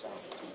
Ciao.